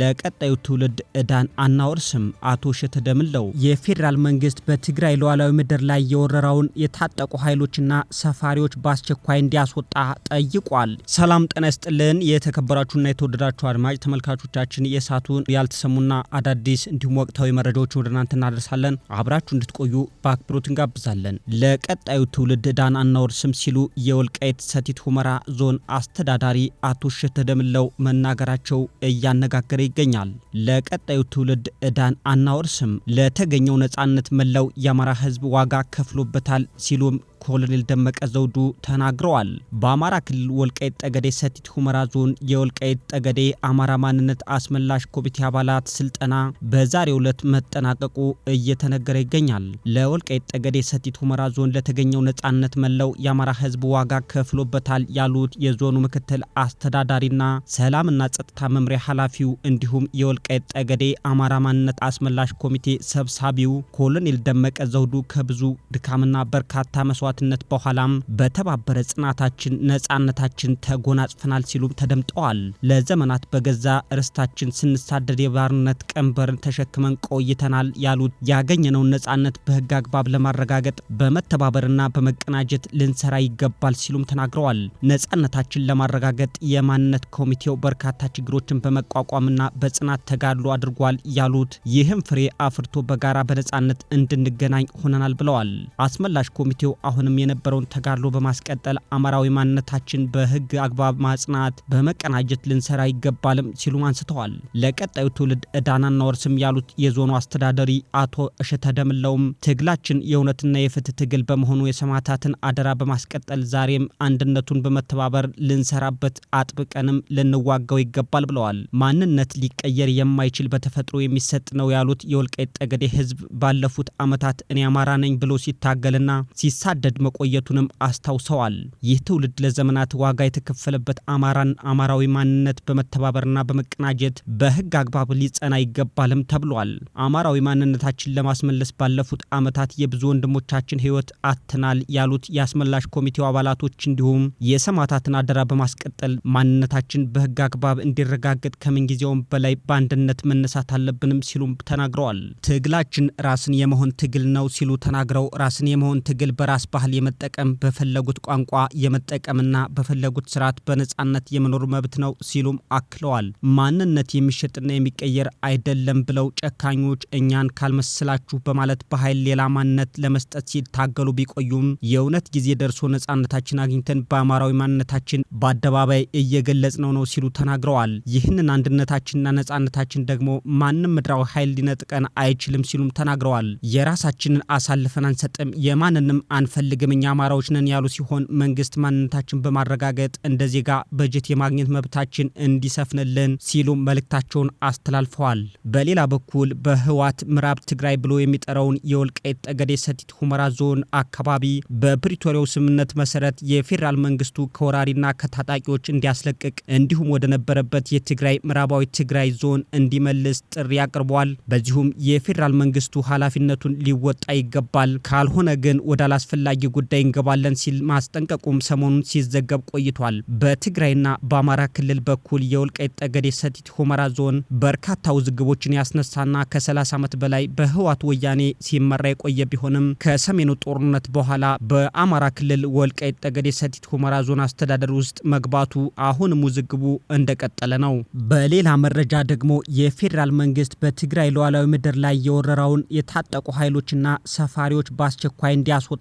ለቀጣዩ ትውልድ እዳን አናወርስም። አቶ እሸተ ደምለው የፌዴራል መንግስት በትግራይ ሉዓላዊ ምድር ላይ የወረራውን የታጠቁ ኃይሎችና ሰፋሪዎች በአስቸኳይ እንዲያስወጣ ጠይቋል። ሰላም ጤና ይስጥልን የተከበራችሁና የተወደዳችሁ አድማጭ ተመልካቾቻችን የእሳቱን ያልተሰሙና አዳዲስ እንዲሁም ወቅታዊ መረጃዎችን ወደ እናንተ እናደርሳለን። አብራችሁ እንድትቆዩ በአክብሮት እንጋብዛለን። ለቀጣዩ ትውልድ እዳን አናወርስም ሲሉ የወልቃይት ሰቲት ሁመራ ዞን አስተዳዳሪ አቶ እሸተ ደምለው መናገራቸው እያነጋገ እየተመሰከረ ይገኛል። ለቀጣዩ ትውልድ እዳን አናወርስም፣ ለተገኘው ነፃነት መላው የአማራ ህዝብ ዋጋ ከፍሎበታል ሲሉም ኮሎኔል ደመቀ ዘውዱ ተናግረዋል። በአማራ ክልል ወልቃይት ጠገዴ ሰቲት ሁመራ ዞን የወልቃይት ጠገዴ አማራ ማንነት አስመላሽ ኮሚቴ አባላት ስልጠና በዛሬው ዕለት መጠናቀቁ እየተነገረ ይገኛል። ለወልቃይት ጠገዴ ሰቲት ሁመራ ዞን ለተገኘው ነጻነት መላው የአማራ ህዝብ ዋጋ ከፍሎበታል ያሉት የዞኑ ምክትል አስተዳዳሪና ሰላምና ጸጥታ መምሪያ ኃላፊው እንዲሁም የወልቃይት ጠገዴ አማራ ማንነት አስመላሽ ኮሚቴ ሰብሳቢው ኮሎኔል ደመቀ ዘውዱ ከብዙ ድካምና በርካታ መስዋዕት መስዋዕትነት በኋላም በተባበረ ጽናታችን ነጻነታችን ተጎናጽፈናል ሲሉ ተደምጠዋል። ለዘመናት በገዛ ርስታችን ስንሳደድ የባርነት ቀንበርን ተሸክመን ቆይተናል ያሉት ያገኘነውን ነጻነት በህግ አግባብ ለማረጋገጥ በመተባበርና በመቀናጀት ልንሰራ ይገባል ሲሉም ተናግረዋል። ነጻነታችን ለማረጋገጥ የማንነት ኮሚቴው በርካታ ችግሮችን በመቋቋምና በጽናት ተጋድሎ አድርጓል ያሉት ይህም ፍሬ አፍርቶ በጋራ በነጻነት እንድንገናኝ ሆነናል ብለዋል። አስመላሽ ኮሚቴው አሁን አሁንም የነበረውን ተጋድሎ በማስቀጠል አማራዊ ማንነታችን በህግ አግባብ ማጽናት በመቀናጀት ልንሰራ ይገባልም ሲሉም አንስተዋል። ለቀጣዩ ትውልድ እዳና እናወርስም ያሉት የዞኑ አስተዳደሪ አቶ እሸተ ደምለውም ትግላችን የእውነትና የፍትህ ትግል በመሆኑ የሰማዕታትን አደራ በማስቀጠል ዛሬም አንድነቱን በመተባበር ልንሰራበት አጥብቀንም ልንዋጋው ይገባል ብለዋል። ማንነት ሊቀየር የማይችል በተፈጥሮ የሚሰጥ ነው ያሉት የወልቃይት ጠገዴ ህዝብ ባለፉት ዓመታት እኔ አማራ ነኝ ብሎ ሲታገልና ሲሳደድ ሲያሳድድ መቆየቱንም አስታውሰዋል። ይህ ትውልድ ለዘመናት ዋጋ የተከፈለበት አማራን አማራዊ ማንነት በመተባበርና በመቀናጀት በህግ አግባብ ሊጸና ይገባልም ተብሏል። አማራዊ ማንነታችን ለማስመለስ ባለፉት ዓመታት የብዙ ወንድሞቻችን ህይወት አትናል ያሉት የአስመላሽ ኮሚቴው አባላቶች እንዲሁም የሰማዕታትን አደራ በማስቀጠል ማንነታችን በህግ አግባብ እንዲረጋገጥ ከምንጊዜውም በላይ በአንድነት መነሳት አለብንም ሲሉም ተናግረዋል። ትግላችን ራስን የመሆን ትግል ነው ሲሉ ተናግረው ራስን የመሆን ትግል በራስ ባህል ባህል የመጠቀም በፈለጉት ቋንቋ የመጠቀምና በፈለጉት ስርዓት በነጻነት የመኖር መብት ነው ሲሉም አክለዋል። ማንነት የሚሸጥና የሚቀየር አይደለም ብለው ጨካኞች እኛን ካልመሰላችሁ በማለት በኃይል ሌላ ማንነት ለመስጠት ሲታገሉ ቢቆዩም የእውነት ጊዜ ደርሶ ነጻነታችን አግኝተን በአማራዊ ማንነታችን በአደባባይ እየገለጽ ነው ነው ሲሉ ተናግረዋል። ይህንን አንድነታችንና ነጻነታችን ደግሞ ማንም ምድራዊ ኃይል ሊነጥቀን አይችልም ሲሉም ተናግረዋል። የራሳችንን አሳልፈን አንሰጥም፣ የማንንም አንፈልግ አንፈልግም እኛ አማራዎች ነን ያሉ ሲሆን መንግስት ማንነታችን በማረጋገጥ እንደ ዜጋ በጀት የማግኘት መብታችን እንዲሰፍንልን ሲሉ መልእክታቸውን አስተላልፈዋል። በሌላ በኩል በህወሓት ምዕራብ ትግራይ ብሎ የሚጠራውን የወልቃይት ጠገዴ ሰቲት ሁመራ ዞን አካባቢ በፕሪቶሪያው ስምምነት መሰረት የፌዴራል መንግስቱ ከወራሪና ከታጣቂዎች እንዲያስለቅቅ እንዲሁም ወደ ነበረበት የትግራይ ምዕራባዊ ትግራይ ዞን እንዲመልስ ጥሪ አቅርቧል። በዚሁም የፌዴራል መንግስቱ ኃላፊነቱን ሊወጣ ይገባል ካልሆነ ግን ወደ አላስፈላጊ አስፈላጊ ጉዳይ እንገባለን ሲል ማስጠንቀቁም ሰሞኑን ሲዘገብ ቆይቷል። በትግራይና በአማራ ክልል በኩል የወልቃይት ጠገዴ ሰቲት ሁመራ ዞን በርካታ ውዝግቦችን ያስነሳና ከ30 ዓመት በላይ በህወሓት ወያኔ ሲመራ የቆየ ቢሆንም ከሰሜኑ ጦርነት በኋላ በአማራ ክልል ወልቃይት ጠገዴ ሰቲት ሁመራ ዞን አስተዳደር ውስጥ መግባቱ አሁንም ውዝግቡ እንደቀጠለ ነው። በሌላ መረጃ ደግሞ የፌዴራል መንግስት በትግራይ ሉዓላዊ ምድር ላይ የወረራውን የታጠቁ ኃይሎችና ሰፋሪዎች በአስቸኳይ እንዲያስወጣ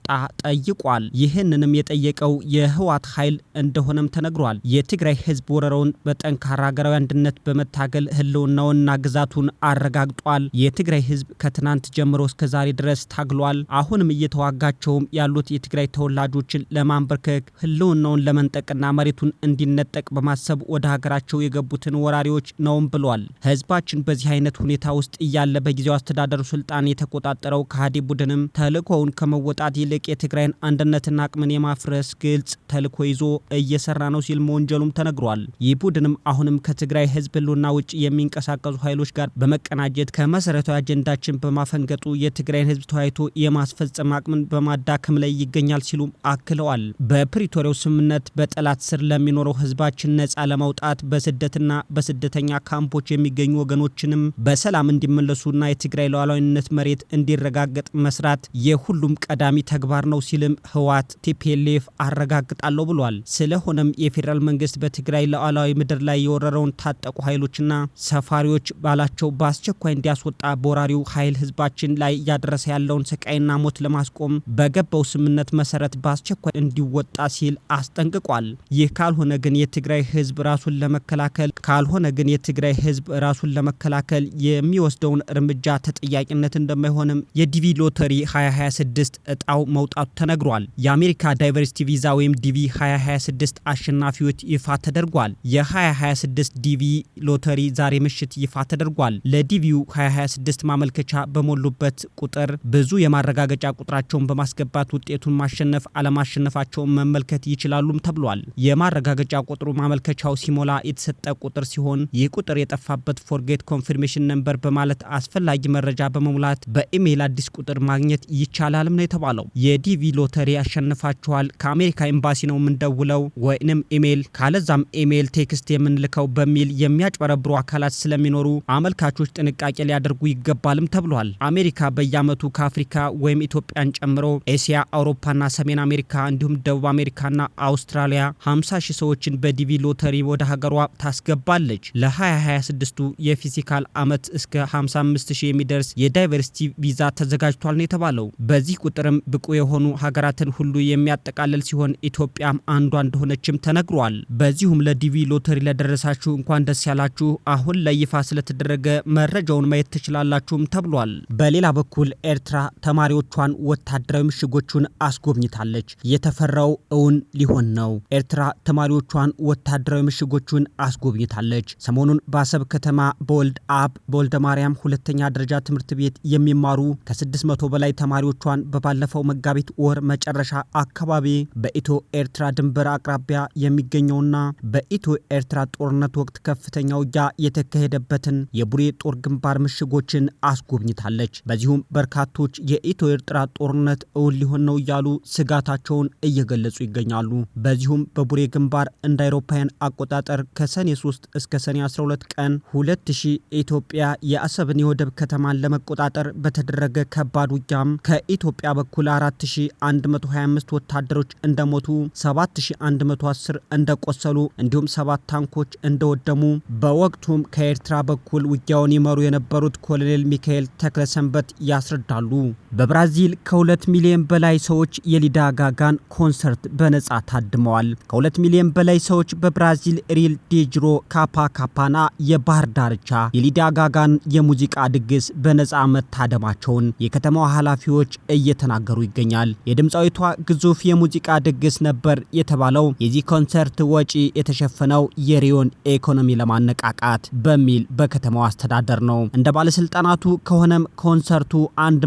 ጠይቋል። ይህንንም የጠየቀው የህወሓት ኃይል እንደሆነም ተነግሯል። የትግራይ ህዝብ ወረራውን በጠንካራ ሀገራዊ አንድነት በመታገል ህልውናውንና ግዛቱን አረጋግጧል። የትግራይ ህዝብ ከትናንት ጀምሮ እስከ ዛሬ ድረስ ታግሏል። አሁንም እየተዋጋቸውም ያሉት የትግራይ ተወላጆችን ለማንበርከክ ህልውናውን ለመንጠቅና መሬቱን እንዲነጠቅ በማሰብ ወደ ሀገራቸው የገቡትን ወራሪዎች ነውም ብሏል። ህዝባችን በዚህ አይነት ሁኔታ ውስጥ እያለ በጊዜው አስተዳደሩ ስልጣን የተቆጣጠረው ከሃዲ ቡድንም ተልእኮውን ከመወጣት ይልቅ የትግራይን አንድነትና አቅምን የማፍረስ ግልጽ ተልኮ ይዞ እየሰራ ነው ሲል መወንጀሉም ተነግሯል። ይህ ቡድንም አሁንም ከትግራይ ህዝብ ህልውና ውጭ የሚንቀሳቀሱ ኃይሎች ጋር በመቀናጀት ከመሰረታዊ አጀንዳችን በማፈንገጡ የትግራይን ህዝብ ተወያይቶ የማስፈጸም አቅምን በማዳከም ላይ ይገኛል ሲሉም አክለዋል። በፕሪቶሪያው ስምምነት በጠላት ስር ለሚኖረው ህዝባችን ነጻ ለማውጣት በስደትና በስደተኛ ካምፖች የሚገኙ ወገኖችንም በሰላም እንዲመለሱና የትግራይ ሉዓላዊነት መሬት እንዲረጋገጥ መስራት የሁሉም ቀዳሚ ተግባር ነው ሲልም ህወሓት ቲፒኤልኤፍ አረጋግጣለሁ ብሏል። ስለሆነም የፌዴራል መንግስት በትግራይ ሉዓላዊ ምድር ላይ የወረረውን ታጠቁ ኃይሎችና ሰፋሪዎች ባላቸው በአስቸኳይ እንዲያስወጣ በወራሪው ኃይል ህዝባችን ላይ እያደረሰ ያለውን ስቃይና ሞት ለማስቆም በገባው ስምምነት መሰረት በአስቸኳይ እንዲወጣ ሲል አስጠንቅቋል። ይህ ካልሆነ ግን የትግራይ ህዝብ ራሱን ለመከላከል ካልሆነ ግን የትግራይ ህዝብ ራሱን ለመከላከል የሚወስደውን እርምጃ ተጠያቂነት እንደማይሆንም የዲቪ ሎተሪ 2026 እጣው መውጣቱ ተነግሯል። የአሜሪካ ዳይቨርሲቲ ቪዛ ወይም ዲቪ 2026 አሸናፊዎች ይፋ ተደርጓል። የ2026 ዲቪ ሎተሪ ዛሬ ምሽት ይፋ ተደርጓል። ለዲቪው 2026 ማመልከቻ በሞሉበት ቁጥር ብዙ የማረጋገጫ ቁጥራቸውን በማስገባት ውጤቱን ማሸነፍ አለማሸነፋቸውን መመልከት ይችላሉም ተብሏል። የማረጋገጫ ቁጥሩ ማመልከቻው ሲሞላ የተሰጠ ቁጥር ሲሆን ይህ ቁጥር የጠፋበት ፎርጌት ኮንፊርሜሽን ነንበር በማለት አስፈላጊ መረጃ በመሙላት በኢሜይል አዲስ ቁጥር ማግኘት ይቻላልም ነው የተባለው የዲቪ ቲቪ ሎተሪ ያሸንፋችኋል ከአሜሪካ ኤምባሲ ነው የምንደውለው ወይንም ኢሜይል ካለዛም ኢሜይል ቴክስት የምንልከው በሚል የሚያጭበረብሩ አካላት ስለሚኖሩ አመልካቾች ጥንቃቄ ሊያደርጉ ይገባልም ተብሏል። አሜሪካ በየዓመቱ ከአፍሪካ ወይም ኢትዮጵያን ጨምሮ ኤስያ፣ አውሮፓና ሰሜን አሜሪካ እንዲሁም ደቡብ አሜሪካና አውስትራሊያ 50 ሺህ ሰዎችን በዲቪ ሎተሪ ወደ ሀገሯ ታስገባለች። ለ2026ቱ የፊዚካል ዓመት እስከ 55 ሺህ የሚደርስ የዳይቨርሲቲ ቪዛ ተዘጋጅቷል ነው የተባለው። በዚህ ቁጥርም ብቁ የሆኑ ሀገራትን ሁሉ የሚያጠቃልል ሲሆን ኢትዮጵያም አንዷ እንደሆነችም ተነግሯል። በዚሁም ለዲቪ ሎተሪ ለደረሳችሁ እንኳን ደስ ያላችሁ። አሁን ለይፋ ስለተደረገ መረጃውን ማየት ትችላላችሁም ተብሏል። በሌላ በኩል ኤርትራ ተማሪዎቿን ወታደራዊ ምሽጎቹን አስጎብኝታለች። የተፈራው እውን ሊሆን ነው። ኤርትራ ተማሪዎቿን ወታደራዊ ምሽጎቹን አስጎብኝታለች። ሰሞኑን በአሰብ ከተማ በወልድ አብ በወልደ ማርያም ሁለተኛ ደረጃ ትምህርት ቤት የሚማሩ ከ600 በላይ ተማሪዎቿን በባለፈው መጋቢት ወር መጨረሻ አካባቢ በኢትዮ ኤርትራ ድንበር አቅራቢያ የሚገኘውና በኢትዮ ኤርትራ ጦርነት ወቅት ከፍተኛ ውጊያ የተካሄደበትን የቡሬ ጦር ግንባር ምሽጎችን አስጎብኝታለች። በዚሁም በርካቶች የኢትዮ ኤርትራ ጦርነት እውን ሊሆን ነው እያሉ ስጋታቸውን እየገለጹ ይገኛሉ። በዚሁም በቡሬ ግንባር እንደ አውሮፓውያን አቆጣጠር ከሰኔ 3 እስከ ሰኔ 12 ቀን 2000 ኢትዮጵያ የአሰብን የወደብ ከተማን ለመቆጣጠር በተደረገ ከባድ ውጊያም ከኢትዮጵያ በኩል 4000 125 ወታደሮች እንደሞቱ 7110 እንደቆሰሉ እንዲሁም ሰባት ታንኮች እንደወደሙ በወቅቱም ከኤርትራ በኩል ውጊያውን ይመሩ የነበሩት ኮሎኔል ሚካኤል ተክለሰንበት ያስረዳሉ። በብራዚል ከ2 ሚሊዮን በላይ ሰዎች የሊዳ ጋጋን ኮንሰርት በነጻ ታድመዋል። ከ2 ሚሊዮን በላይ ሰዎች በብራዚል ሪል ዴጅሮ ካፓ ካፓና የባህር ዳርቻ የሊዳ ጋጋን የሙዚቃ ድግስ በነጻ መታደማቸውን የከተማዋ ኃላፊዎች እየተናገሩ ይገኛል። የድምፃዊቷ ግዙፍ የሙዚቃ ድግስ ነበር የተባለው የዚህ ኮንሰርት ወጪ የተሸፈነው የሪዮን ኢኮኖሚ ለማነቃቃት በሚል በከተማው አስተዳደር ነው። እንደ ባለስልጣናቱ ከሆነም ኮንሰርቱ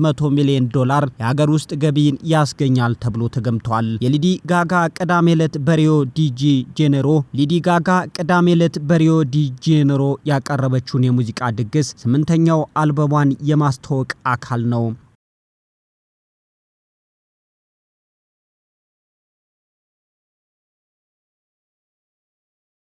100 ሚሊዮን ዶላር የሀገር ውስጥ ገቢን ያስገኛል ተብሎ ተገምቷል። የሊዲ ጋጋ ቅዳሜ ዕለት በሪዮ ዲጂ ጄኔሮ ሊዲ ጋጋ ቅዳሜ ዕለት በሪዮ ዲጂ ጄኔሮ ያቀረበችውን የሙዚቃ ድግስ ስምንተኛው አልበሟን የማስተዋወቅ አካል ነው።